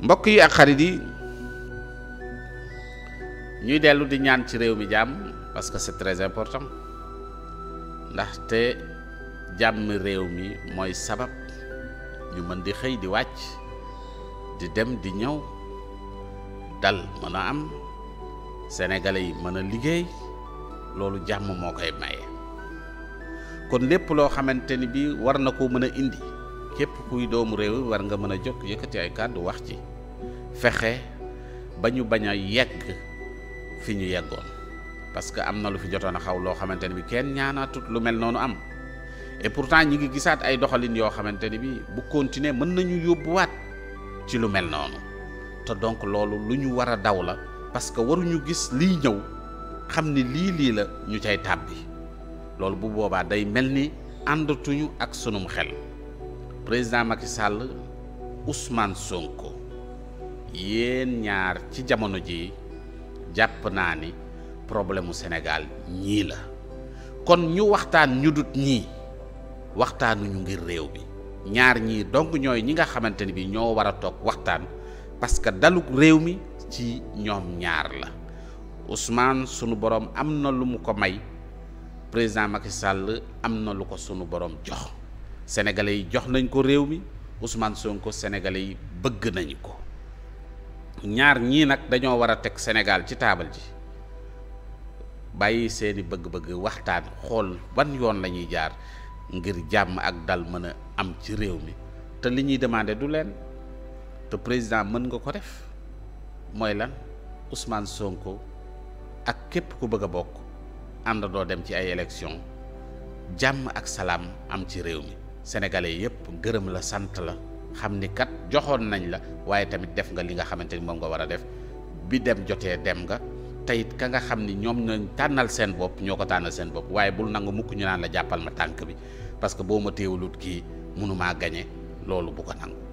mbokk yi ak xarit yi ñuy dellu di ñaan ci réew mi jàmm parce que c'est très important ndaxte jàmm réew mi mooy sabab ñu mën di xëy di wàcc di dem di ñëw dal mën a am sénégalais yi mën a liggéey loolu jàmm moo koy maye kon lépp loo xamante ni bii war na ko mën a indi képp kuy doomu réew war nga mën a jóg yëkkati ay kàddu wax ci fexe ba ñu bañ a yegg fi ñu yeggoon parce que am na lu fi jotoon a xaw loo xamante ne bi kenn ñaanaatut lu mel noonu am et pourtant ñi ngi gisaat ay doxalin yoo xamante ni bi bu continuer mën nañu yóbbuwaat ci lu mel noonu te donc loolu lu ñu war a daw la parce que waruñu gis liy ñëw xam ni lii lii la ñu cay tàbbi loolu bu boobaa day mel ni àndatuñu ak sunum xel président Macky Sall Ousmane Sonko yéen ñaar ci jamono ji jàpp naa ni problème mu Sénégal ñii la kon ñu waxtaan ñu dut ñii waxtaanuñu ngir réew bi ñaar ñii donc ñooy ñi nga xamante ni bi ñoo war a toog waxtaan parce que daluk réew mi ci ñoom ñaar la Ousmane sunu borom am na lu mu ko may président Macky Sall am na lu ko sunu borom jox sénégalais yi jox nañ ko réew mi Ousmane Sonko sénégalais yi bëgg nañu ko ñaar ñii nag dañoo war a teg senegal ci taabal ji bàyyi seeni bëgg-bëgg waxtaan xool ban yoon lañuy jaar ngir jàmm ak dal mën a am ci réew mi te li ñuy demandé du leen te président mën nga ko def mooy lan Ousmane Sonko ak képp ku bëgg a bokk ànd doo dem ci ay élection jàmm ak salaam am ci réew mi sénégalais yëpp gërëm la sant la xam ni kat joxoon nañ la waaye tamit def nga li nga xamante ni moom nga war a def bi dem jotee dem nga teyit ka nga xam ni ñoom ñoo tànnal seen bopp ñoo ko tànnal seen bopp waaye bul nangu mukk ñu naan la jàppal ma tànk bi parce que boo ma téewulut kii mënumaa gañe loolu bu ko nangu